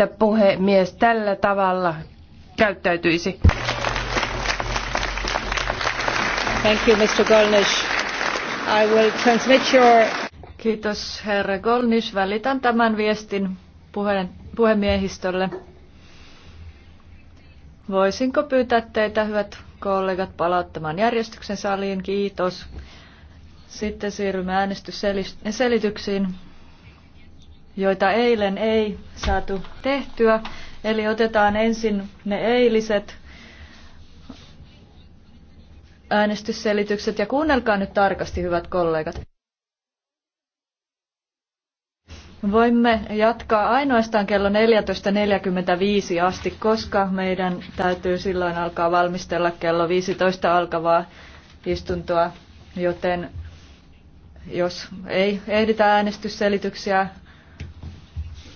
että puhemies tällä tavalla käyttäytyisi. Thank you, Mr. I will transmit your... Kiitos, herra Golnish. Välitän tämän viestin puhemiehistölle. Voisinko pyytää teitä, hyvät kollegat, palauttamaan järjestyksen saliin? Kiitos. Sitten siirrymme äänestysselityksiin joita eilen ei saatu tehtyä. Eli otetaan ensin ne eiliset äänestysselitykset ja kuunnelkaa nyt tarkasti, hyvät kollegat. Voimme jatkaa ainoastaan kello 14.45 asti, koska meidän täytyy silloin alkaa valmistella kello 15 alkavaa istuntoa, joten jos ei ehditä äänestysselityksiä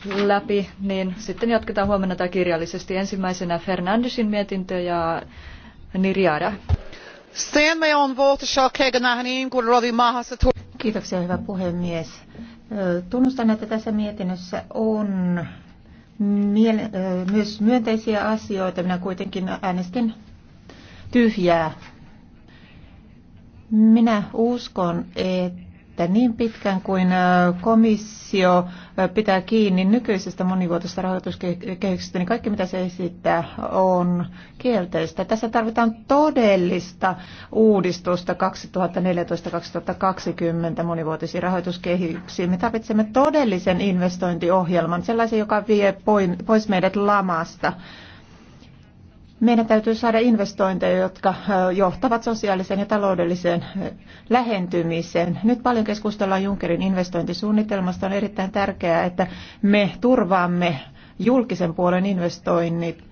läpi, niin sitten jatketaan huomenna tai kirjallisesti. Ensimmäisenä Fernandesin mietintö ja Niriada. Kiitoksia, hyvä puhemies. Tunnustan, että tässä mietinnössä on myös myönteisiä asioita. Minä kuitenkin äänestin tyhjää. Minä uskon, että että niin pitkään kuin komissio pitää kiinni nykyisestä monivuotisesta rahoituskehyksestä, niin kaikki mitä se esittää on kielteistä. Tässä tarvitaan todellista uudistusta 2014-2020 monivuotisiin rahoituskehyksiin. Me tarvitsemme todellisen investointiohjelman, sellaisen, joka vie pois meidät lamasta meidän täytyy saada investointeja, jotka johtavat sosiaaliseen ja taloudelliseen lähentymiseen. Nyt paljon keskustellaan Junckerin investointisuunnitelmasta. On erittäin tärkeää, että me turvaamme julkisen puolen investoinnit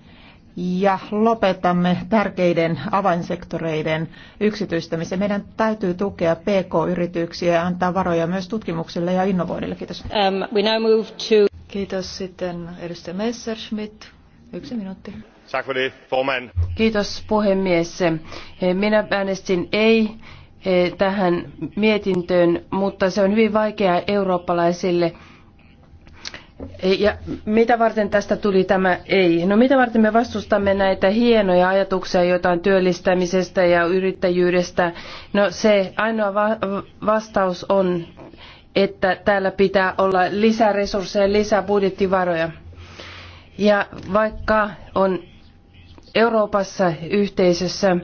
ja lopetamme tärkeiden avainsektoreiden yksityistämisen. Meidän täytyy tukea PK-yrityksiä ja antaa varoja myös tutkimukselle ja innovoinnille. Kiitos. Um, we now move to... Kiitos sitten edustaja Messerschmidt. Yksi minuutti. Kiitos puhemies. Minä äänestin ei eh, tähän mietintöön, mutta se on hyvin vaikeaa eurooppalaisille. Eh, ja mitä varten tästä tuli tämä ei? No mitä varten me vastustamme näitä hienoja ajatuksia, joita on työllistämisestä ja yrittäjyydestä? No se ainoa va- vastaus on, että täällä pitää olla lisää resursseja, lisää budjettivaroja. Ja vaikka on Euroopassa yhteisössä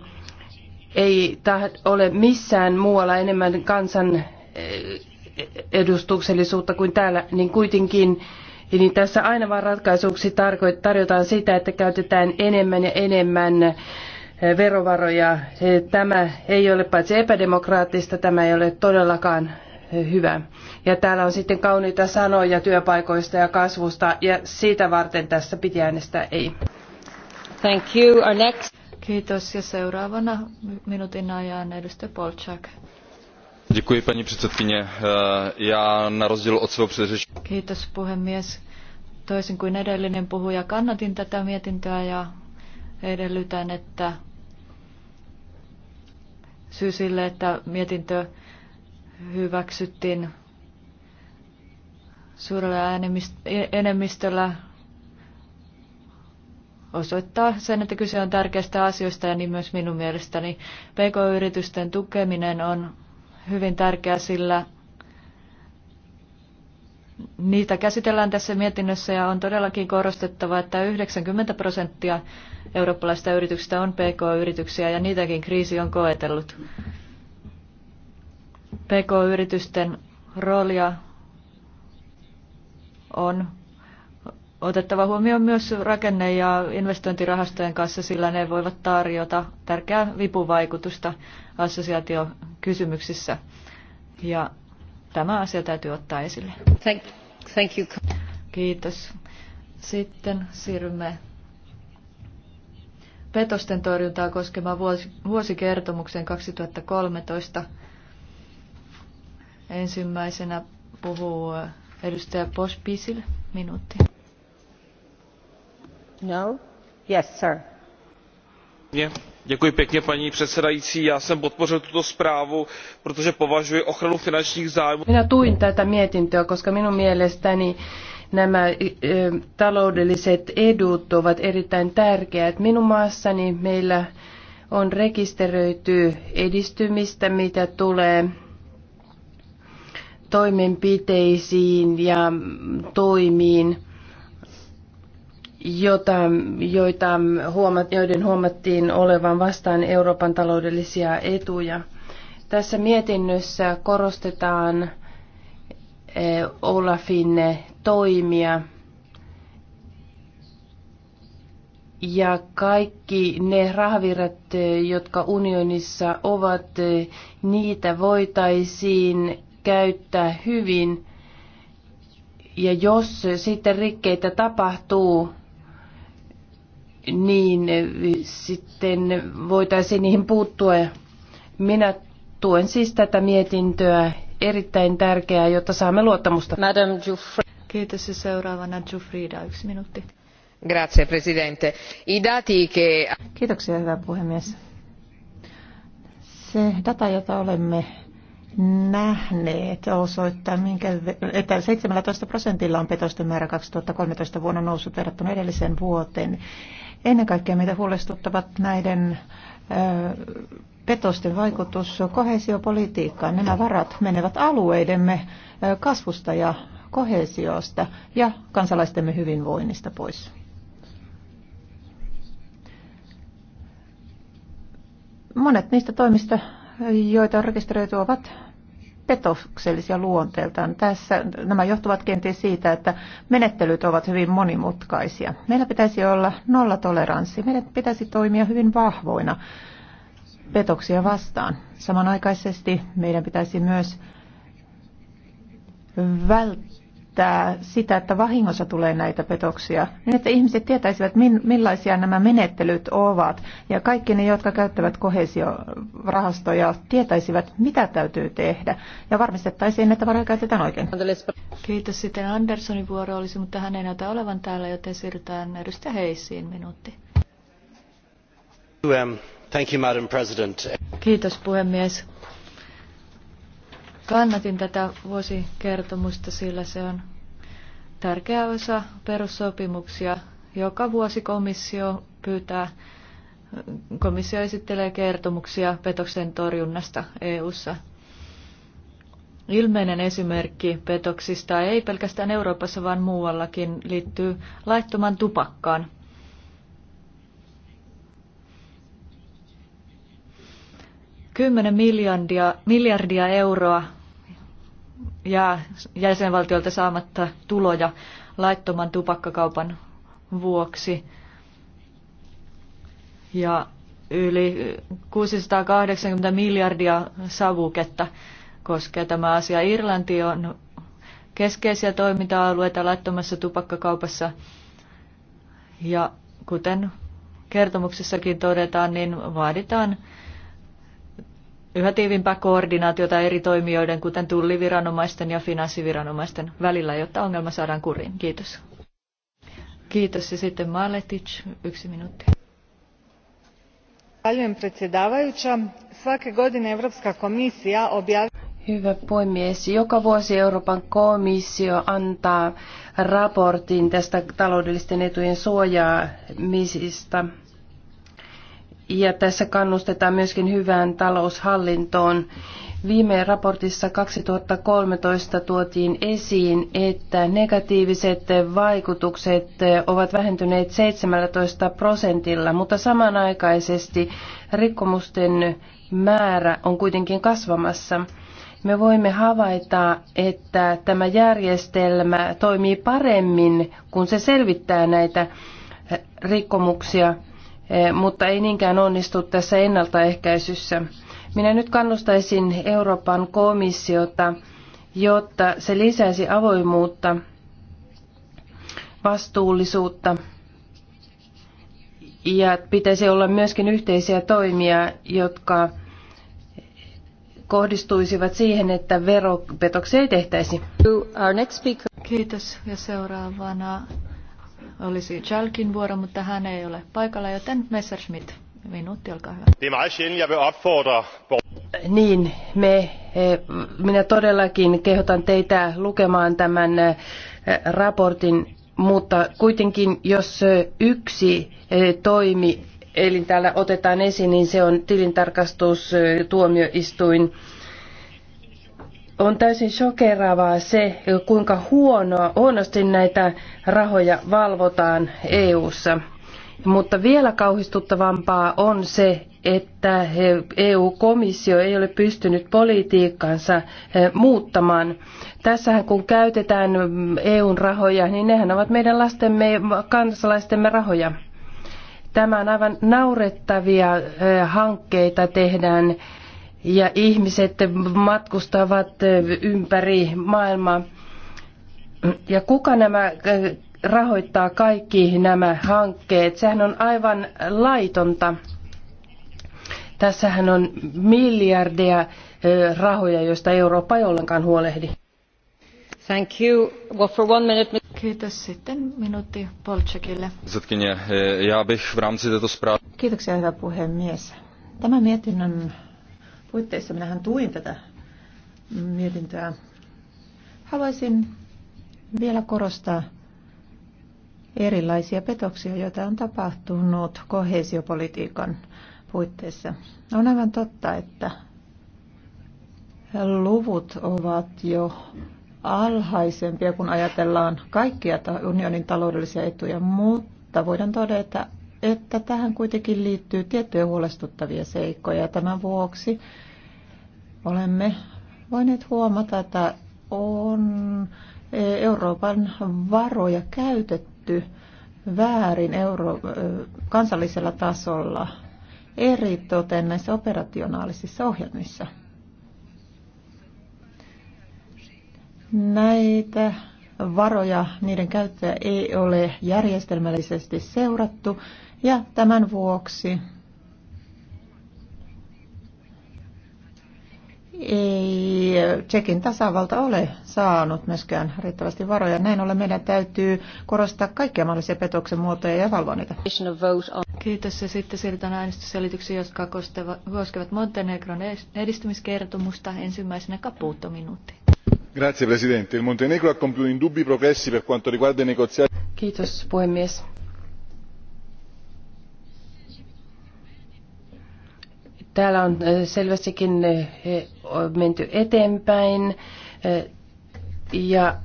ei ole missään muualla enemmän kansan eh, edustuksellisuutta kuin täällä, niin kuitenkin niin tässä aina vain ratkaisuksi tarjotaan sitä, että käytetään enemmän ja enemmän eh, verovaroja. Eh, tämä ei ole paitsi epädemokraattista, tämä ei ole todellakaan hyvä. Ja täällä on sitten kauniita sanoja työpaikoista ja kasvusta, ja siitä varten tässä piti äänestää ei. Thank you. Our next... Kiitos. Ja seuraavana minuutin ajan edustaja Polčák. Děkuji, paní předsedkyně. E, Já na rozdíl od svého předřečníka. Kiitos, puhemies. Toisin kuin edellinen puhuja, kannatin tätä mietintöä ja edellytän, että syy sille, että mietintö hyväksyttiin suurella e- enemmistöllä osoittaa sen, että kyse on tärkeistä asioista ja niin myös minun mielestäni PK-yritysten tukeminen on hyvin tärkeää, sillä niitä käsitellään tässä mietinnössä ja on todellakin korostettava, että 90 prosenttia eurooppalaisista yrityksistä on PK-yrityksiä ja niitäkin kriisi on koetellut. PK-yritysten roolia on otettava huomioon myös rakenne- ja investointirahastojen kanssa, sillä ne voivat tarjota tärkeää vipuvaikutusta assosiaatiokysymyksissä. Ja tämä asia täytyy ottaa esille. Thank, thank you. Kiitos. Sitten siirrymme petosten torjuntaa koskemaan vuosikertomukseen 2013. Ensimmäisenä puhuu edustaja Pospisil, minuutti. No? paní předsedající já jsem podpořil tuto zprávu protože považuji ochranu finančních zájmů. minä tuin tätä mietintöä koska minun mielestäni nämä eh, taloudelliset edut ovat erittäin tärkeät. minun maassani meillä on rekisteröity edistymistä mitä tulee toimenpiteisiin ja toimiin jota, joita huomat, joiden huomattiin olevan vastaan Euroopan taloudellisia etuja. Tässä mietinnössä korostetaan eh, Olafin toimia ja kaikki ne rahavirrat, eh, jotka unionissa ovat, eh, niitä voitaisiin käyttää hyvin. Ja jos sitten rikkeitä tapahtuu, niin eh, sitten voitaisiin niihin puuttua. Minä tuen siis tätä mietintöä erittäin tärkeää, jotta saamme luottamusta. Madam Kiitos ja seuraavana Jufrida, yksi minuutti. Grazie, Presidente. I dati che... Kiitoksia, hyvä puhemies. Se data, jota olemme nähneet osoittaa, minkä, että 17 prosentilla on petosten määrä 2013 vuonna noussut verrattuna edelliseen vuoteen. Ennen kaikkea meitä huolestuttavat näiden ö, petosten vaikutus kohesiopolitiikkaan. Nämä varat menevät alueidemme kasvusta ja kohesiosta ja kansalaistemme hyvinvoinnista pois. Monet niistä toimista joita on rekisteröity, ovat petoksellisia luonteeltaan. Tässä nämä johtuvat kenties siitä, että menettelyt ovat hyvin monimutkaisia. Meillä pitäisi olla nollatoleranssi. Meidän pitäisi toimia hyvin vahvoina petoksia vastaan. Samanaikaisesti meidän pitäisi myös välttää estää sitä, että vahingossa tulee näitä petoksia, niin että ihmiset tietäisivät, millaisia nämä menettelyt ovat. Ja kaikki ne, jotka käyttävät kohesiorahastoja, tietäisivät, mitä täytyy tehdä. Ja varmistettaisiin, että varoja käytetään oikein. Kiitos. Sitten Anderssonin vuoro olisi, mutta hän ei näytä olevan täällä, joten siirrytään edustaja Heisiin minuutti. Um, Kiitos puhemies Kannatin tätä vuosikertomusta, sillä se on tärkeä osa perussopimuksia. Joka vuosi komissio pyytää, komissio esittelee kertomuksia petoksen torjunnasta EU:ssa. Ilmeinen esimerkki petoksista ei pelkästään Euroopassa, vaan muuallakin liittyy laittoman tupakkaan. 10 miljardia, miljardia euroa ja jäsenvaltiolta saamatta tuloja laittoman tupakkakaupan vuoksi. Ja yli 680 miljardia savuketta koskee tämä asia. Irlanti on keskeisiä toiminta-alueita laittomassa tupakkakaupassa. Ja kuten kertomuksessakin todetaan, niin vaaditaan yhä tiivimpää koordinaatiota eri toimijoiden, kuten tulliviranomaisten ja finanssiviranomaisten välillä, jotta ongelma saadaan kuriin. Kiitos. Kiitos. Ja sitten Maletic, yksi minuutti. Paljon predsjedavajuća. Svake godine komisija Hyvä puhemies. Joka vuosi Euroopan komissio antaa raportin tästä taloudellisten etujen suojaamisesta ja tässä kannustetaan myöskin hyvään taloushallintoon. Viime raportissa 2013 tuotiin esiin, että negatiiviset vaikutukset ovat vähentyneet 17 prosentilla, mutta samanaikaisesti rikkomusten määrä on kuitenkin kasvamassa. Me voimme havaita, että tämä järjestelmä toimii paremmin, kun se selvittää näitä rikkomuksia Eh, mutta ei niinkään onnistu tässä ennaltaehkäisyssä. Minä nyt kannustaisin Euroopan komissiota, jotta se lisäisi avoimuutta, vastuullisuutta ja pitäisi olla myöskin yhteisiä toimia, jotka kohdistuisivat siihen, että veropetoksia ei tehtäisi. Kiitos ja seuraavana olisi Jalkin vuoro, mutta hän ei ole paikalla, joten Messerschmidt, minuutti, olkaa hyvä. Er niin, me, eh, minä todellakin kehotan teitä lukemaan tämän eh, raportin, mutta kuitenkin jos eh, yksi toimi eli täällä otetaan esiin, niin se on tilintarkastustuomioistuin. tuomioistuin on täysin shokeraavaa se, kuinka huonoa, huonosti näitä rahoja valvotaan EU:ssa. Mutta vielä kauhistuttavampaa on se, että EU-komissio ei ole pystynyt politiikkansa eh, muuttamaan. Tässähän kun käytetään EUn rahoja, niin nehän ovat meidän lastemme kansalaistemme rahoja. Tämä on aivan naurettavia eh, hankkeita tehdään ja ihmiset matkustavat ympäri maailmaa. Ja kuka nämä rahoittaa kaikki nämä hankkeet? Sehän on aivan laitonta. Tässähän on miljardeja rahoja, joista Eurooppa ei ollenkaan huolehdi. Thank you. Well, for one minute... Kiitos sitten minuutti Polchekille. E, Kiitoksia hyvä puhemies. Tämä mietinnön puitteissa minähän tuin tätä mietintöä. Haluaisin vielä korostaa erilaisia petoksia, joita on tapahtunut kohesiopolitiikan puitteissa. On aivan totta, että luvut ovat jo alhaisempia, kun ajatellaan kaikkia unionin taloudellisia etuja, mutta voidaan todeta, että tähän kuitenkin liittyy tiettyjä huolestuttavia seikkoja. Tämän vuoksi olemme voineet huomata, että on Euroopan varoja käytetty väärin euro, kansallisella tasolla eri toteen näissä operationaalisissa ohjelmissa. Näitä varoja, niiden käyttöä ei ole järjestelmällisesti seurattu ja tämän vuoksi ei Tsekin tasavalta ole saanut myöskään riittävästi varoja. Näin ollen meidän täytyy korostaa kaikkia mahdollisia petoksen muotoja ja valvoa niitä. Kiitos ja sitten siirrytään äänestysselityksiin, jotka koskevat Montenegron edistymiskertomusta ensimmäisenä kapuuttominuuttiin arvoisa puhemies montenegro ha compiuto indubbi progressi per quanto riguarda i negoziati. täällä on eh, selvästikin eh, eh, menty eteenpäin ja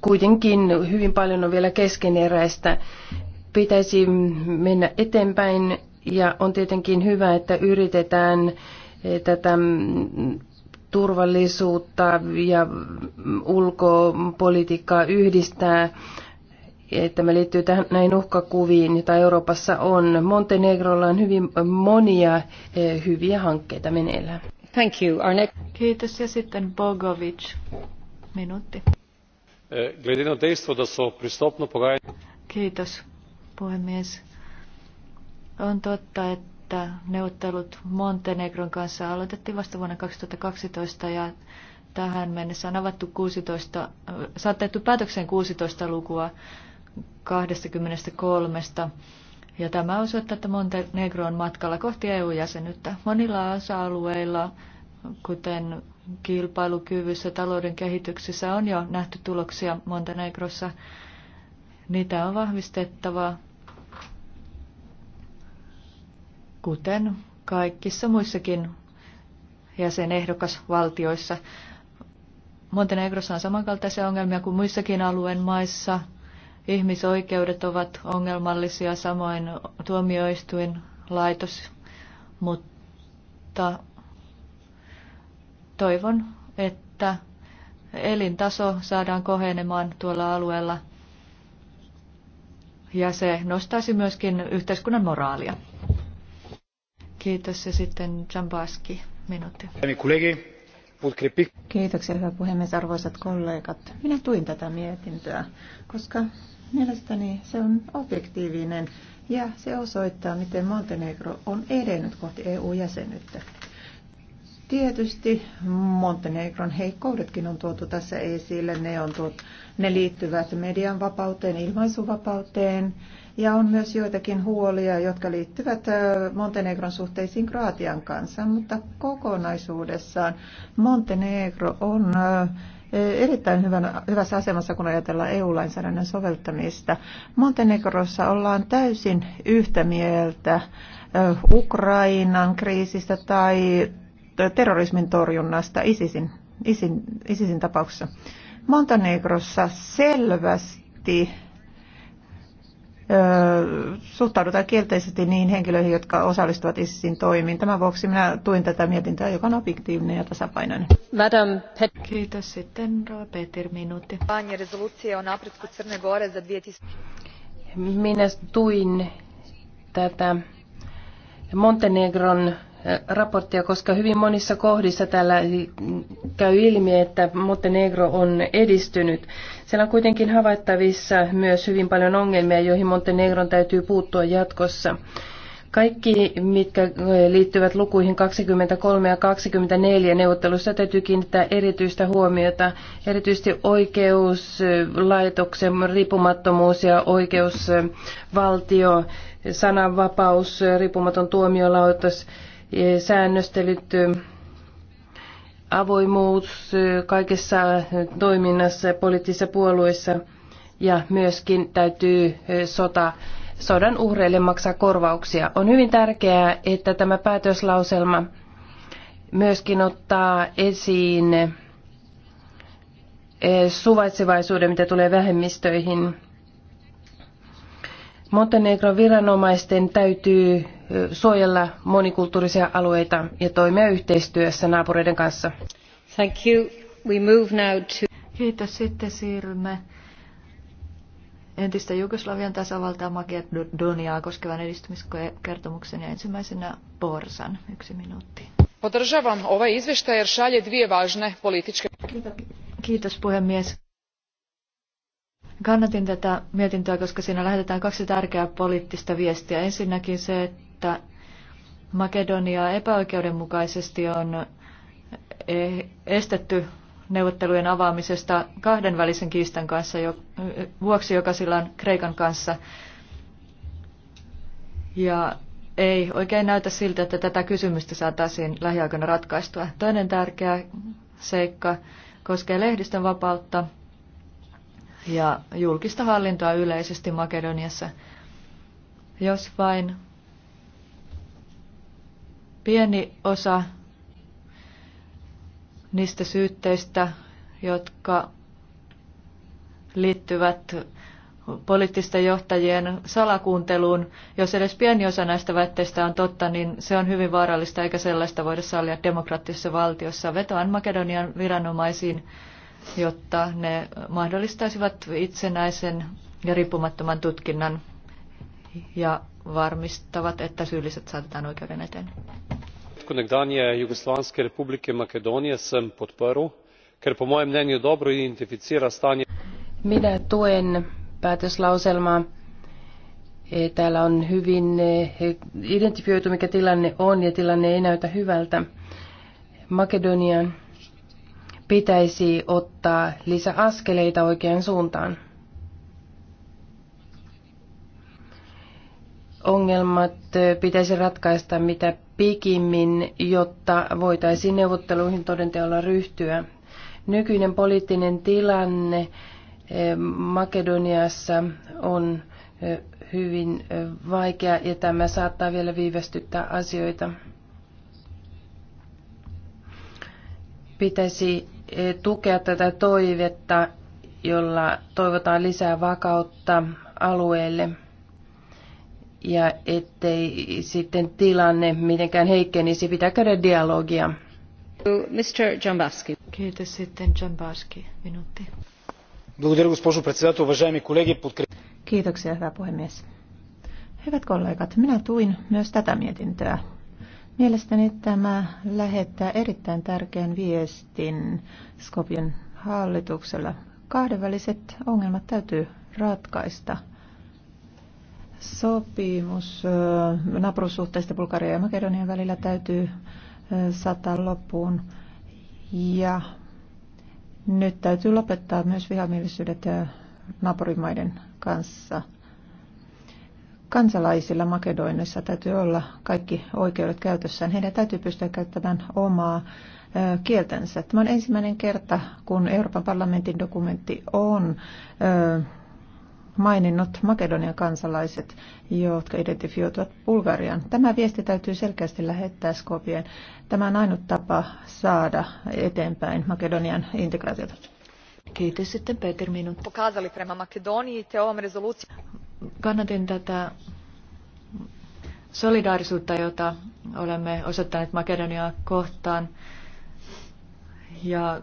kuitenkin hyvin paljon on vielä keskeneräistä. Pitäisi mennä eteenpäin ja on tietenkin hyvä, että yritetään tätä mm, turvallisuutta ja ulkopolitiikkaa yhdistää. me liittyy tähän, näihin uhkakuviin, joita Euroopassa on. Montenegrolla on hyvin monia eh, hyviä hankkeita meneillään. Thank you. Our next... Kiitos. Ja sitten Bogovic. Minuutti. Eh, dejstvo, Kiitos, puhemies. On totta, että että neuvottelut Montenegron kanssa aloitettiin vasta vuonna 2012 ja tähän mennessä on avattu 16, äh, saatettu päätökseen 16 lukua 23. Ja tämä osoittaa, että Montenegro on matkalla kohti EU-jäsenyyttä. Monilla osa-alueilla, kuten kilpailukyvyssä, talouden kehityksessä, on jo nähty tuloksia Montenegrossa. Niitä on vahvistettava kuten kaikissa muissakin jäsenehdokasvaltioissa. Montenegrossa on samankaltaisia ongelmia kuin muissakin alueen maissa. Ihmisoikeudet ovat ongelmallisia, samoin tuomioistuin, laitos, mutta toivon, että elintaso saadaan kohenemaan tuolla alueella ja se nostaisi myöskin yhteiskunnan moraalia. Kiitos ja sitten Jambaski, minuutti. Niin, Kiitoksia, hyvä puhemies, arvoisat kollegat. Minä tuin tätä mietintöä, koska mielestäni se on objektiivinen ja se osoittaa, miten Montenegro on edennyt kohti EU-jäsenyyttä. Tietysti Montenegron heikkoudetkin on tuotu tässä esille. Ne on tuotu ne liittyvät median vapauteen, ilmaisuvapauteen ja on myös joitakin huolia, jotka liittyvät Montenegron suhteisiin Kroatian kanssa, mutta kokonaisuudessaan Montenegro on e, erittäin hyvän, hyvässä asemassa, kun ajatellaan EU-lainsäädännön soveltamista. Montenegrossa ollaan täysin yhtä mieltä Ukrainan kriisistä tai terrorismin torjunnasta ISISin, ISISin, ISISin tapauksessa. Montenegrossa selvästi suhtaudutaan kielteisesti niin henkilöihin, jotka osallistuvat ISISin toimiin. Tämän vuoksi minä tuin tätä mietintöä joka on objektiivinen ja tasapainoinen. Madam Pet- Kiitos. Sitten Rova minuutti. resoluutio on napretku Crne Gore za 2000... Minä tuin tätä Montenegron raporttia, koska hyvin monissa kohdissa tällä käy ilmi, että Montenegro on edistynyt. Siellä on kuitenkin havaittavissa myös hyvin paljon ongelmia, joihin Montenegron täytyy puuttua jatkossa. Kaikki, mitkä liittyvät lukuihin 23 ja 24 neuvottelussa täytyy kiinnittää erityistä huomiota, erityisesti oikeuslaitoksen riippumattomuus ja oikeusvaltio, sananvapaus, riippumaton tuomiolautas, säännöstelyt, avoimuus kaikessa toiminnassa, poliittisissa puolueissa ja myöskin täytyy sota, sodan uhreille maksaa korvauksia. On hyvin tärkeää, että tämä päätöslauselma myöskin ottaa esiin eh, suvaitsevaisuuden, mitä tulee vähemmistöihin. Montenegron viranomaisten täytyy suojella monikulttuurisia alueita ja toimia yhteistyössä naapureiden kanssa. Thank you. We move now to... Kiitos. Sitten siirrymme entistä Jugoslavian tasavaltaa Makedoniaa koskevan edistymiskertomuksen ja ensimmäisenä Borsan. Yksi minuutti. Podržavam ovaj izvještaj jer šalje dvije važne političke... Kiitos puhemies. Kannatin tätä mietintöä, koska siinä lähetetään kaksi tärkeää poliittista viestiä. Ensinnäkin se, että että Makedonia epäoikeudenmukaisesti on e- estetty neuvottelujen avaamisesta kahdenvälisen kiistan kanssa jo, vuoksi, joka sillä on Kreikan kanssa. Ja ei oikein näytä siltä, että tätä kysymystä saataisiin lähiaikoina ratkaistua. Toinen tärkeä seikka koskee lehdistön vapautta ja julkista hallintoa yleisesti Makedoniassa. Jos vain pieni osa niistä syytteistä, jotka liittyvät poliittisten johtajien salakuunteluun. Jos edes pieni osa näistä väitteistä on totta, niin se on hyvin vaarallista, eikä sellaista voida sallia demokraattisessa valtiossa. Vetoan Makedonian viranomaisiin, jotta ne mahdollistaisivat itsenäisen ja riippumattoman tutkinnan ja varmistavat, että syylliset saatetaan oikeuden eteen začetku nekdanje jugoslovanske republike makedonije sem podprl ker po mojem mnenju dobro identificira stanje. minä tuen päätöslauselmaa. E, täällä on hyvin e, identifioitu, mikä tilanne on, ja tilanne ei näytä hyvältä. Makedonian pitäisi ottaa lisäaskeleita oikeaan suuntaan. ongelmat pitäisi ratkaista mitä pikimmin, jotta voitaisiin neuvotteluihin todenteolla ryhtyä. Nykyinen poliittinen tilanne Makedoniassa on hyvin vaikea ja tämä saattaa vielä viivästyttää asioita. Pitäisi tukea tätä toivetta, jolla toivotaan lisää vakautta alueelle ja ettei sitten tilanne mitenkään heikkenisi, pitää käydä dialogia. Mr. Jambaski. Kiitos sitten Jambaski, minuutti. Kiitoksia, hyvä puhemies. Hyvät kollegat, minä tuin myös tätä mietintöä. Mielestäni tämä lähettää erittäin tärkeän viestin Skopjen hallituksella. Kahdenväliset ongelmat täytyy ratkaista – sopimus naapurussuhteista Bulgarian ja Makedonian välillä täytyy saattaa loppuun. Ja nyt täytyy lopettaa myös vihamielisyydet naapurimaiden kanssa. Kansalaisilla Makedoinnissa täytyy olla kaikki oikeudet käytössään. Heidän täytyy pystyä käyttämään omaa kieltänsä. Tämä on ensimmäinen kerta, kun Euroopan parlamentin dokumentti on maininnut Makedonian kansalaiset, jotka identifioituvat Bulgarian. Tämä viesti täytyy selkeästi lähettää Skopien. Tämä on ainut tapa saada eteenpäin Makedonian integraatiota. Kiitos sitten Peter minun. Pokazali prema Makedoniji te ovom Kannatin tätä solidaarisuutta, jota olemme osoittaneet Makedoniaa kohtaan. Ja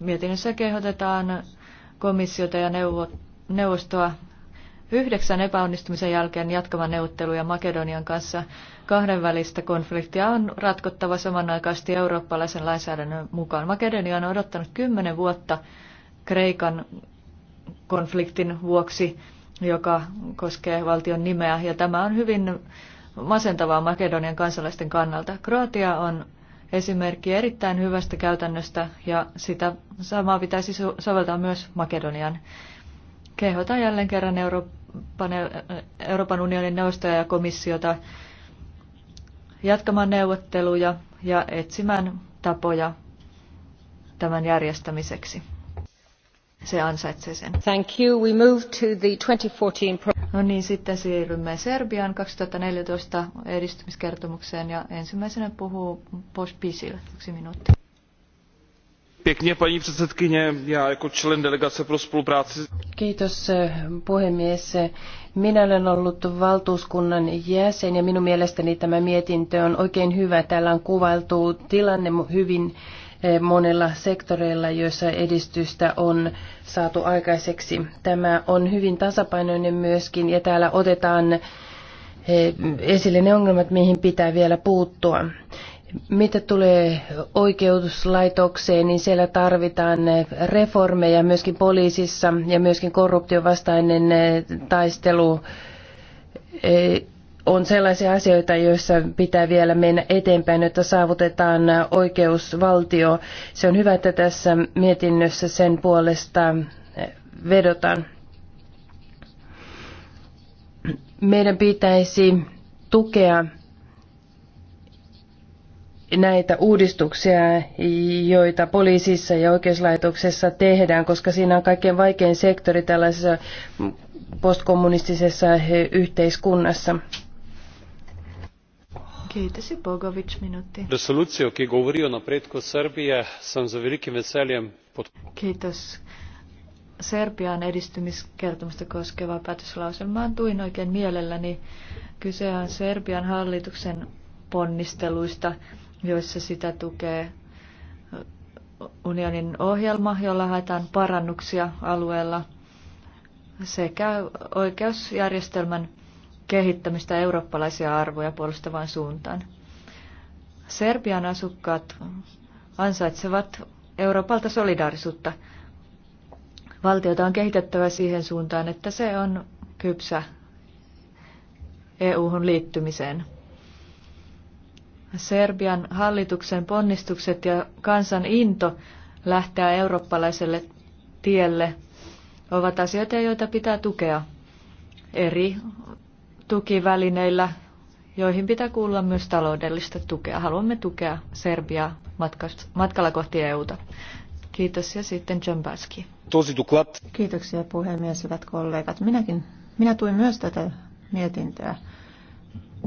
mietinnössä kehotetaan komissiota ja neuvottelua neuvostoa yhdeksän epäonnistumisen jälkeen jatkavan neuvotteluja Makedonian kanssa. Kahdenvälistä konfliktia on ratkottava samanaikaisesti eurooppalaisen lainsäädännön mukaan. Makedonia on odottanut kymmenen vuotta Kreikan konfliktin vuoksi, joka koskee valtion nimeä, ja tämä on hyvin masentavaa Makedonian kansalaisten kannalta. Kroatia on esimerkki erittäin hyvästä käytännöstä, ja sitä samaa pitäisi soveltaa myös Makedonian. Kehotan jälleen kerran Euroopan, Euroopan unionin neuvostoja ja komissiota jatkamaan neuvotteluja ja etsimään tapoja tämän järjestämiseksi. Se ansaitsee sen. Thank you. We move to the 2014 No niin, sitten siirrymme Serbian 2014 edistymiskertomukseen ja ensimmäisenä puhuu Pospisil. Yksi minuutti paní předsedající já jako člen delegace pro spolupráci. Kiitos puhemies. Minä olen ollut valtuuskunnan jäsen ja minun mielestäni tämä mietintö on oikein hyvä. Täällä on kuvailtu tilanne hyvin eh, monilla sektoreilla, joissa edistystä on saatu aikaiseksi. Tämä on hyvin tasapainoinen myöskin ja täällä otetaan eh, esille ne ongelmat, mihin pitää vielä puuttua. Mitä tulee oikeuslaitokseen, niin siellä tarvitaan reformeja myöskin poliisissa ja myöskin korruptiovastainen eh, taistelu eh, on sellaisia asioita, joissa pitää vielä mennä eteenpäin, että saavutetaan oikeusvaltio. Se on hyvä, että tässä mietinnössä sen puolesta eh, vedotaan. Meidän pitäisi tukea näitä uudistuksia, joita poliisissa ja oikeuslaitoksessa tehdään, koska siinä on kaikkein vaikein sektori tällaisessa postkommunistisessa eh, yhteiskunnassa. Kiitos, Bogovic, minuutti. Resoluutio, ki govori o napredku Serbije, sam za velikim veseljem Kiitos. Serbian edistymiskertomusta koskevaa päätöslauselmaa tuin oikein mielelläni. Kyse on Serbian hallituksen ponnisteluista joissa sitä tukee unionin ohjelma, jolla haetaan parannuksia alueella sekä oikeusjärjestelmän kehittämistä eurooppalaisia arvoja puolustavaan suuntaan. Serbian asukkaat ansaitsevat Euroopalta solidaarisuutta. Valtiota on kehitettävä siihen suuntaan, että se on kypsä EU-hun liittymiseen. Serbian hallituksen ponnistukset ja kansan into lähteä eurooppalaiselle tielle ovat asioita, joita pitää tukea eri tukivälineillä, joihin pitää kuulla myös taloudellista tukea. Haluamme tukea Serbiaa matkalla kohti EUta. Kiitos ja sitten Jambaski. Kiitoksia puhemies, hyvät kollegat. Minäkin, minä tuin myös tätä mietintöä.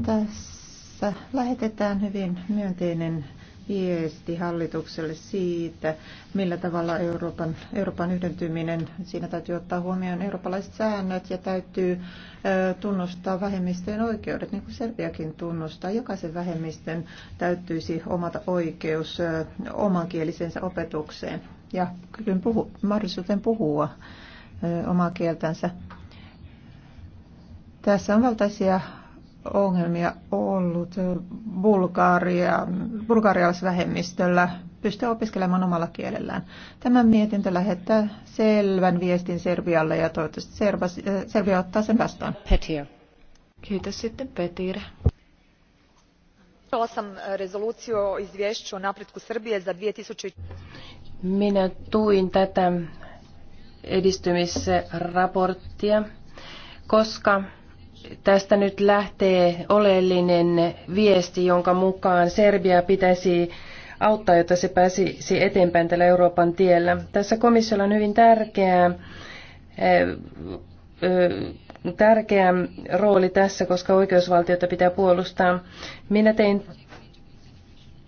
Tässä tässä lähetetään hyvin myönteinen viesti hallitukselle siitä, millä tavalla Euroopan, Euroopan yhdentyminen, siinä täytyy ottaa huomioon eurooppalaiset säännöt ja täytyy ö, tunnustaa vähemmistöjen oikeudet, niin kuin Serbiakin tunnustaa. Jokaisen vähemmistön täytyisi omata oikeus ö, kielisensä opetukseen ja kyllä puhu, mahdollisuuteen puhua ö, omaa kieltänsä. Tässä on valtaisia ongelmia ollut Bulgaria, bulgarialaisvähemmistöllä pystyy opiskelemaan omalla kielellään. Tämä mietintö lähettää selvän viestin Serbialle ja toivottavasti Serba, äh, Serbia ottaa sen vastaan. Petir. Kiitos sitten Petir. 2000... Eh, Minä tuin tätä edistymisraporttia, koska tästä nyt lähtee oleellinen viesti, jonka mukaan Serbia pitäisi auttaa, jotta se pääsisi eteenpäin tällä Euroopan tiellä. Tässä komissiolla on hyvin tärkeä, eh, eh, tärkeä rooli tässä, koska oikeusvaltiota pitää puolustaa. Minä tein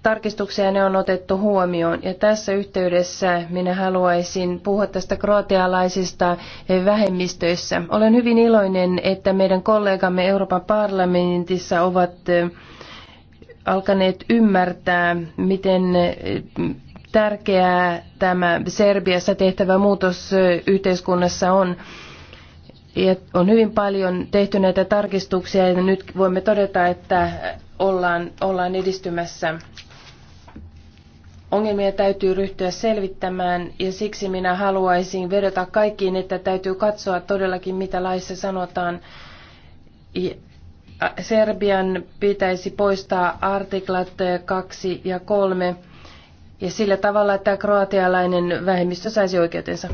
tarkistuksia ne on otettu huomioon. Ja tässä yhteydessä minä haluaisin puhua tästä kroatialaisista vähemmistöissä. Olen hyvin iloinen, että meidän kollegamme Euroopan parlamentissa ovat alkaneet ymmärtää, miten tärkeää tämä Serbiassa tehtävä muutos yhteiskunnassa on. Ja on hyvin paljon tehty näitä tarkistuksia ja nyt voimme todeta, että ollaan, ollaan edistymässä Ongelmia täytyy ryhtyä selvittämään ja siksi minä haluaisin vedota kaikkiin, että täytyy katsoa todellakin, mitä laissa sanotaan. Serbian pitäisi poistaa artiklat 2 ja 3 ja sillä tavalla, että kroatialainen vähemmistö saisi oikeutensa.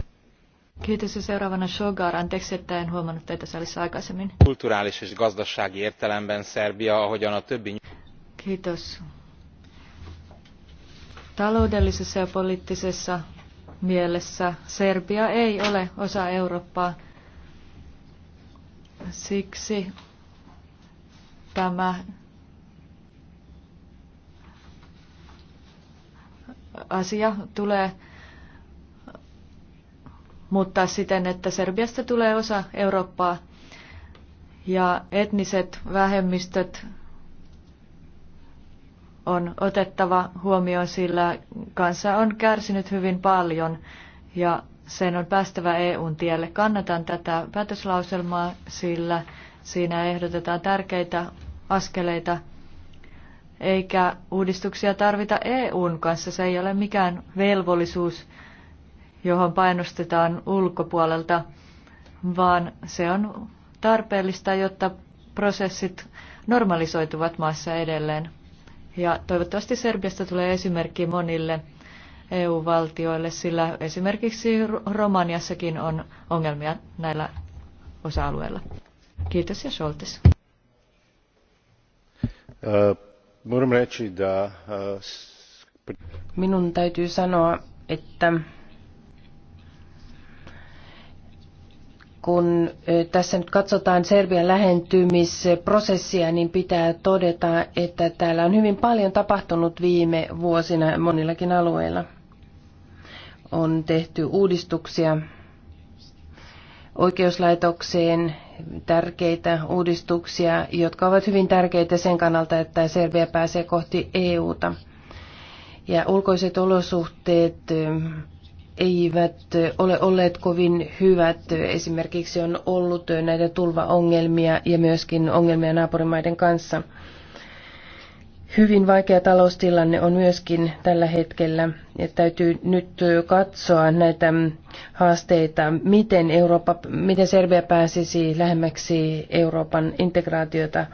Kiitos ja seuraavana Shogar. Anteeksi, että en huomannut teitä salissa aikaisemmin. értelemben Serbia, ahogyan a többi... Kiitos. Taloudellisessa ja poliittisessa mielessä Serbia ei ole osa Eurooppaa. Siksi tämä asia tulee muuttaa siten, että Serbiasta tulee osa Eurooppaa ja etniset vähemmistöt on otettava huomioon, sillä kansa on kärsinyt hyvin paljon ja sen on päästävä EUn tielle. Kannatan tätä päätöslauselmaa, sillä siinä ehdotetaan tärkeitä askeleita, eikä uudistuksia tarvita EUn kanssa. Se ei ole mikään velvollisuus, johon painostetaan ulkopuolelta, vaan se on tarpeellista, jotta prosessit normalisoituvat maassa edelleen. Ja toivottavasti Serbiasta tulee esimerkki monille EU-valtioille, sillä esimerkiksi Romaniassakin on ongelmia näillä osa-alueilla. Kiitos ja Scholtes. Äh, äh, Minun täytyy sanoa, että kun tässä nyt katsotaan Serbian lähentymisprosessia, niin pitää todeta, että täällä on hyvin paljon tapahtunut viime vuosina monillakin alueilla. On tehty uudistuksia oikeuslaitokseen, tärkeitä uudistuksia, jotka ovat hyvin tärkeitä sen kannalta, että Serbia pääsee kohti EUta. Ja ulkoiset olosuhteet eivät ole olleet kovin hyvät. Esimerkiksi on ollut näitä tulvaongelmia ja myöskin ongelmia naapurimaiden kanssa. Hyvin vaikea taloustilanne on myöskin tällä hetkellä. Ja täytyy nyt katsoa näitä haasteita, miten, Eurooppa, miten Serbia pääsisi lähemmäksi Euroopan integraatiota.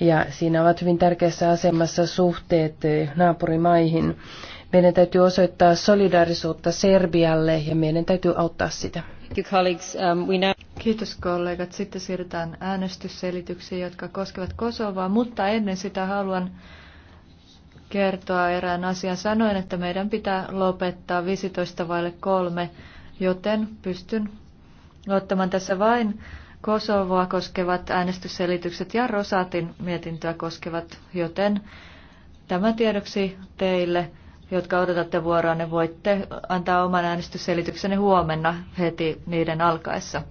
Ja siinä ovat hyvin tärkeässä asemassa suhteet naapurimaihin. Meidän täytyy osoittaa solidaarisuutta Serbialle ja meidän täytyy auttaa sitä. Um, Kiitos kollegat. Sitten siirrytään äänestysselityksiin, jotka koskevat Kosovaa, mutta ennen sitä haluan kertoa erään asian. Sanoin, että meidän pitää lopettaa 15 vaille kolme, joten pystyn ottamaan tässä vain Kosovoa koskevat äänestysselitykset ja Rosatin mietintöä koskevat, joten tämä tiedoksi teille jotka odotatte ne voitte antaa oman äänestysselityksenne huomenna heti niiden alkaessa.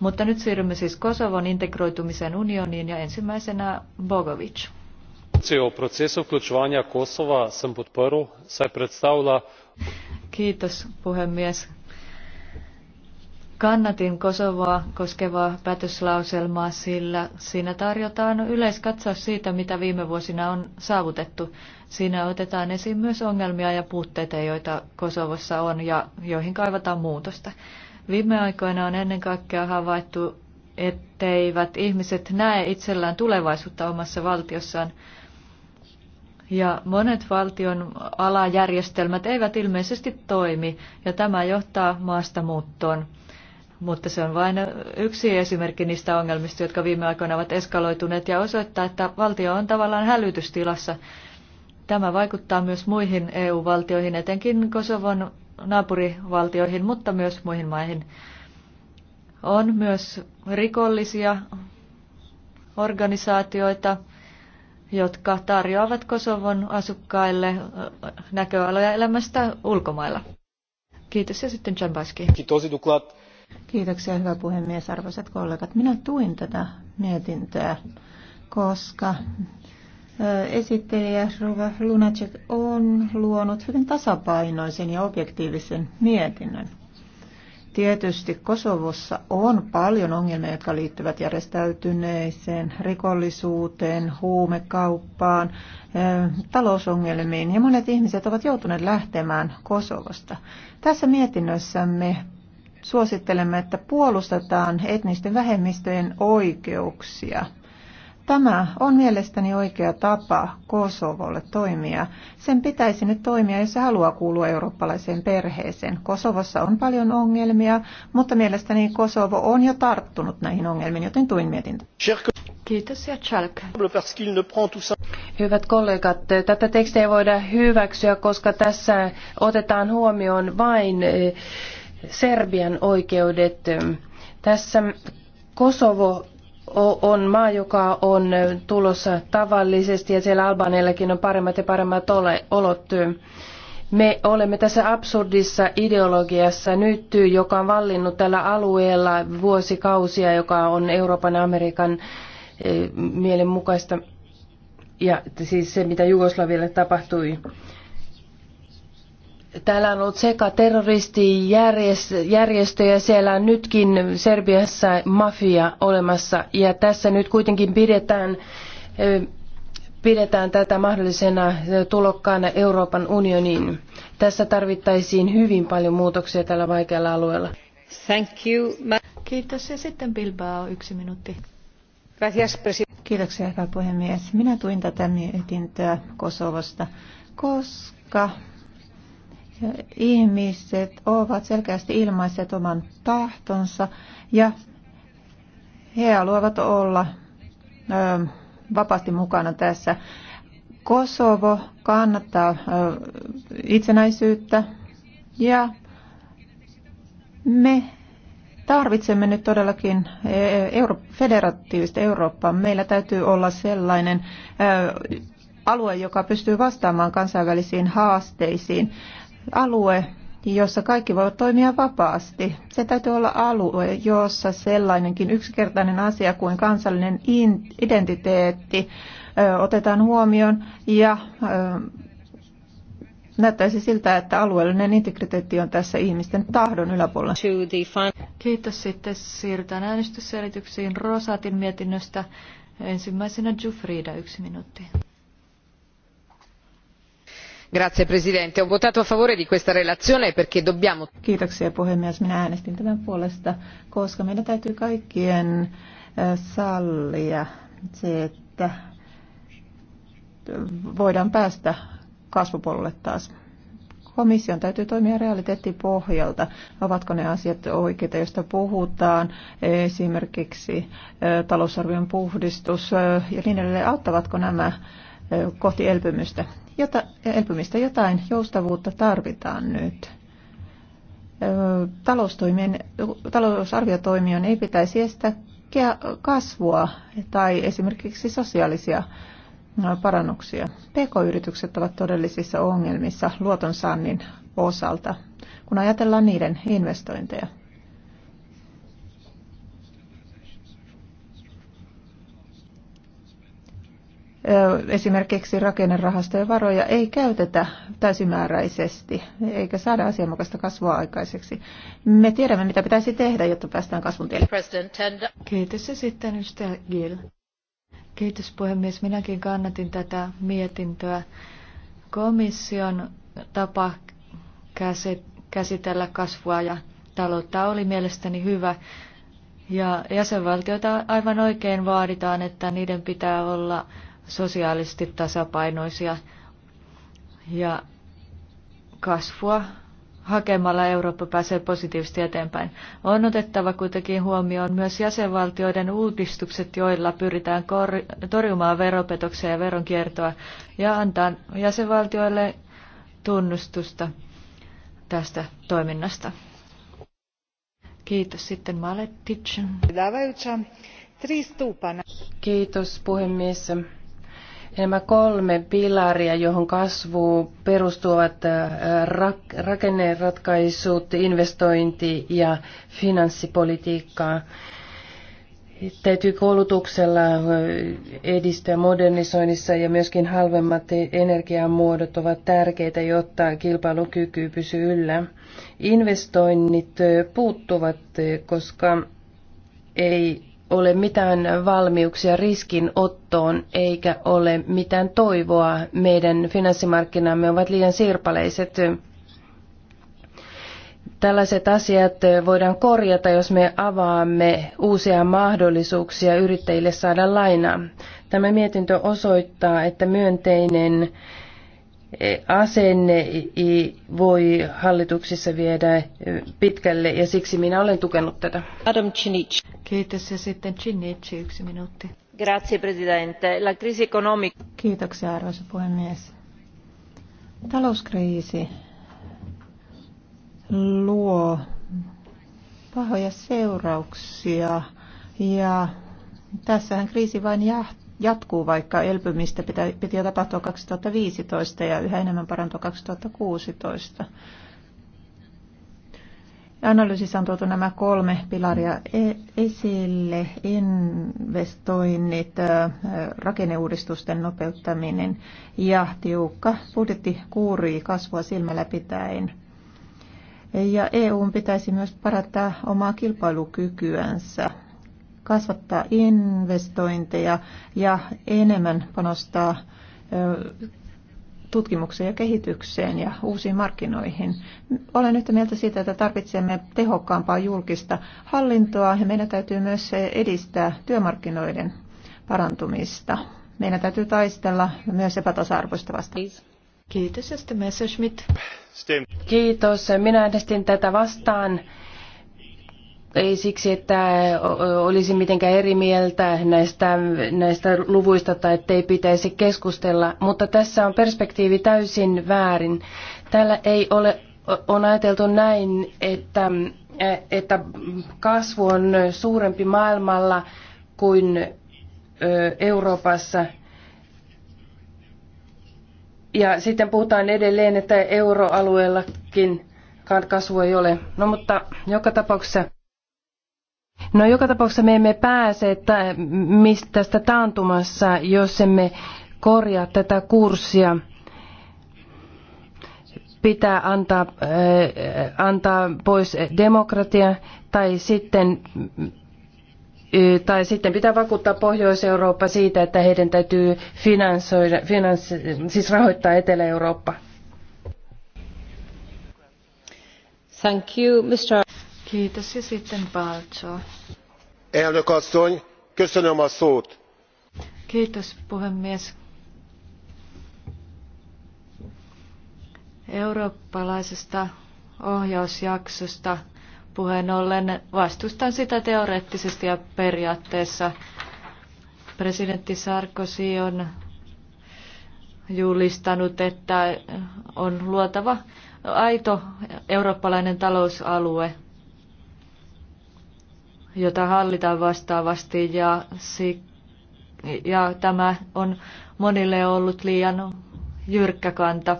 Mutta nyt siirrymme siis Kosovon integroitumiseen unioniin ja ensimmäisenä Bogovic. Kiitos puhemies. Kannatin Kosovoa koskevaa päätöslauselmaa, sillä siinä tarjotaan yleiskatsaus siitä, mitä viime vuosina on saavutettu. Siinä otetaan esiin myös ongelmia ja puutteita, joita Kosovossa on ja joihin kaivataan muutosta. Viime aikoina on ennen kaikkea havaittu, etteivät ihmiset näe itsellään tulevaisuutta omassa valtiossaan. Ja monet valtion alajärjestelmät eivät ilmeisesti toimi, ja tämä johtaa maastamuuttoon mutta se on vain yksi esimerkki niistä ongelmista, jotka viime aikoina ovat eskaloituneet ja osoittaa, että valtio on tavallaan hälytystilassa. Tämä vaikuttaa myös muihin EU-valtioihin, etenkin Kosovon naapurivaltioihin, mutta myös muihin maihin. On myös rikollisia organisaatioita, jotka tarjoavat Kosovon asukkaille näköaloja elämästä ulkomailla. Kiitos ja sitten Jambaski. Kiitos, doklad Kiitoksia, hyvä puhemies, arvoisat kollegat. Minä tuin tätä mietintöä, koska esittelijä Ruva Lunacek on luonut hyvin tasapainoisen ja objektiivisen mietinnön. Tietysti Kosovossa on paljon ongelmia, jotka liittyvät järjestäytyneeseen rikollisuuteen, huumekauppaan, talousongelmiin ja monet ihmiset ovat joutuneet lähtemään Kosovosta. Tässä mietinnössämme suosittelemme, että puolustetaan etnisten vähemmistöjen oikeuksia. Tämä on mielestäni oikea tapa Kosovolle toimia. Sen pitäisi nyt toimia, jos se haluaa kuulua eurooppalaiseen perheeseen. Kosovossa on paljon ongelmia, mutta mielestäni Kosovo on jo tarttunut näihin ongelmiin, joten tuin mietintä. Kiitos ja tjalka. Hyvät kollegat, tätä tekstiä ei voida hyväksyä, koska tässä otetaan huomioon vain eh, Serbian oikeudet. Tässä Kosovo on maa, joka on tulossa tavallisesti ja siellä Albanellakin on paremmat ja paremmat olot. Me olemme tässä absurdissa ideologiassa nyt, joka on vallinnut tällä alueella vuosikausia, joka on Euroopan ja Amerikan eh, mielen mukaista. Ja siis se, mitä Jugoslaville tapahtui. Täällä on ollut sekä terroristijärjestöjä, siellä on nytkin Serbiassa mafia olemassa ja tässä nyt kuitenkin pidetään, pidetään tätä mahdollisena tulokkaana Euroopan unioniin. Tässä tarvittaisiin hyvin paljon muutoksia tällä vaikealla alueella. Thank you. Kiitos ja sitten Bilbao yksi minuutti. Kiitoksia, herra puhemies. Minä tuin tätä mietintöä Kosovosta, koska Ihmiset ovat selkeästi ilmaiset oman tahtonsa ja he haluavat olla ö, vapaasti mukana tässä. Kosovo kannattaa ö, itsenäisyyttä ja me tarvitsemme nyt todellakin euro, federatiivista Eurooppaa. Meillä täytyy olla sellainen ö, alue, joka pystyy vastaamaan kansainvälisiin haasteisiin alue, jossa kaikki voivat toimia vapaasti. Se täytyy olla alue, jossa sellainenkin yksinkertainen asia kuin kansallinen identiteetti otetaan huomioon ja näyttäisi siltä, että alueellinen integriteetti on tässä ihmisten tahdon yläpuolella. Kiitos. Sitten siirrytään äänestysselityksiin Rosatin mietinnöstä. Ensimmäisenä Jufrida, yksi minuutti arvoisa puhemies olen voinut a favore di questa relazione perché dobbiamo. kiitoksia puhemies minä äänestin tämän puolesta koska meidän täytyy kaikkien sallia se että voidaan päästä kasvupolulle taas. Komission täytyy toimia realiteettipohjalta. Ovatko ne asiat oikeita, joista puhutaan, esimerkiksi talousarvion puhdistus ja niin edelleen, auttavatko nämä kohti elpymystä? jota, elpymistä jotain joustavuutta tarvitaan nyt. Taloustoimien, talousarviotoimion ei pitäisi estää kasvua tai esimerkiksi sosiaalisia parannuksia. PK-yritykset ovat todellisissa ongelmissa luotonsaannin osalta, kun ajatellaan niiden investointeja. esimerkiksi rakennerahastojen varoja ei käytetä täysimääräisesti eikä saada asianmukaista kasvua aikaiseksi. Me tiedämme, mitä pitäisi tehdä, jotta päästään kasvun tielle. Kiitos ja sitten ystävä Gil. Kiitos puhemies. Minäkin kannatin tätä mietintöä. Komission tapa käsitellä kasvua ja taloutta oli mielestäni hyvä. Ja jäsenvaltioita aivan oikein vaaditaan, että niiden pitää olla sosiaalisesti tasapainoisia ja kasvua hakemalla Eurooppa pääsee positiivisesti eteenpäin. On otettava kuitenkin huomioon myös jäsenvaltioiden uudistukset, joilla pyritään torjumaan veropetoksia ja veronkiertoa ja antaa jäsenvaltioille tunnustusta tästä toiminnasta. Kiitos sitten Maletic. Kiitos puhemies. Nämä kolme pilaria, johon kasvu perustuvat äh, rak- rakenneratkaisut, investointi ja finanssipolitiikkaa. Täytyy koulutuksella äh, edistää modernisoinnissa ja myöskin halvemmat energiamuodot ovat tärkeitä, jotta kilpailukyky pysyy yllä. Investoinnit äh, puuttuvat, koska ei ole mitään valmiuksia riskinottoon eikä ole mitään toivoa. Meidän finanssimarkkinamme ovat liian sirpaleiset. Tällaiset asiat voidaan korjata, jos me avaamme uusia mahdollisuuksia yrittäjille saada lainaa. Tämä mietintö osoittaa, että myönteinen asenne voi hallituksissa viedä eh, pitkälle ja siksi minä olen tukenut tätä. Adam Cinic. Kiitos ja sitten Cinic, yksi minuutti. Grazie presidente. La crisi economica. Kiitoksia arvoisa puhemies. Talouskriisi luo pahoja seurauksia ja tässähän kriisi vain jahtaa jatkuu, vaikka elpymistä piti jo tapahtua 2015 ja yhä enemmän parantua 2016. Analyysissä on tuotu nämä kolme pilaria e, esille. Investoinnit, rakenneuudistusten nopeuttaminen ja tiukka budjetti kuurii kasvua silmällä pitäen. Ja EUn pitäisi myös parantaa omaa kilpailukykyänsä kasvattaa investointeja ja enemmän panostaa tutkimukseen ja kehitykseen ja uusiin markkinoihin. Olen yhtä mieltä siitä, että tarvitsemme tehokkaampaa julkista hallintoa ja meidän täytyy myös edistää työmarkkinoiden parantumista. Meidän täytyy taistella myös epätasa-arvoista vastaan. Kiitos, Mr. Messerschmidt. Kiitos. Minä äänestin tätä vastaan ei siksi, että olisi mitenkään eri mieltä näistä, näistä luvuista tai ettei pitäisi keskustella, mutta tässä on perspektiivi täysin väärin. Täällä ei ole, on ajateltu näin, että, että kasvu on suurempi maailmalla kuin Euroopassa. Ja sitten puhutaan edelleen, että euroalueellakin kasvu ei ole. No mutta joka tapauksessa No joka tapauksessa me emme pääse että mistä tästä taantumassa, jos emme korjaa tätä kurssia. Pitää antaa, äh, antaa pois demokratia tai sitten, y, tai sitten pitää vakuuttaa Pohjois-Eurooppa siitä, että heidän täytyy finansoida, finans, siis rahoittaa Etelä-Eurooppa. Thank you, Mr. Elnök asszony, köszönöm a szót. Eurooppalaisesta ohjausjaksosta puheen ollen vastustan sitä teoreettisesti ja periaatteessa. Presidentti Sarkozy on julistanut, että on luotava aito eurooppalainen talousalue – jota hallitaan vastaavasti ja, ja tämä on monille ollut liian jyrkkä kanta.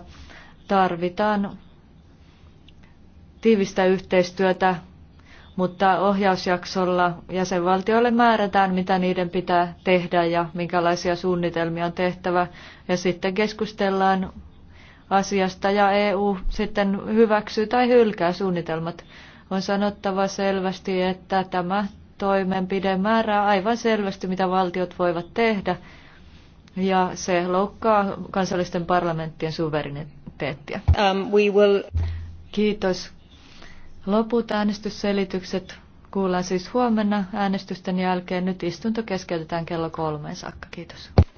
Tarvitaan tiivistä yhteistyötä, mutta ohjausjaksolla jäsenvaltioille määrätään, mitä niiden pitää tehdä ja minkälaisia suunnitelmia on tehtävä. Ja sitten keskustellaan asiasta ja EU sitten hyväksyy tai hylkää suunnitelmat. On sanottava selvästi, että tämä toimenpide määrää aivan selvästi, mitä valtiot voivat tehdä, ja se loukkaa kansallisten parlamenttien suvereniteettia. Um, we will... Kiitos. Loput äänestysselitykset kuullaan siis huomenna äänestysten jälkeen. Nyt istunto keskeytetään kello kolmeen saakka. Kiitos.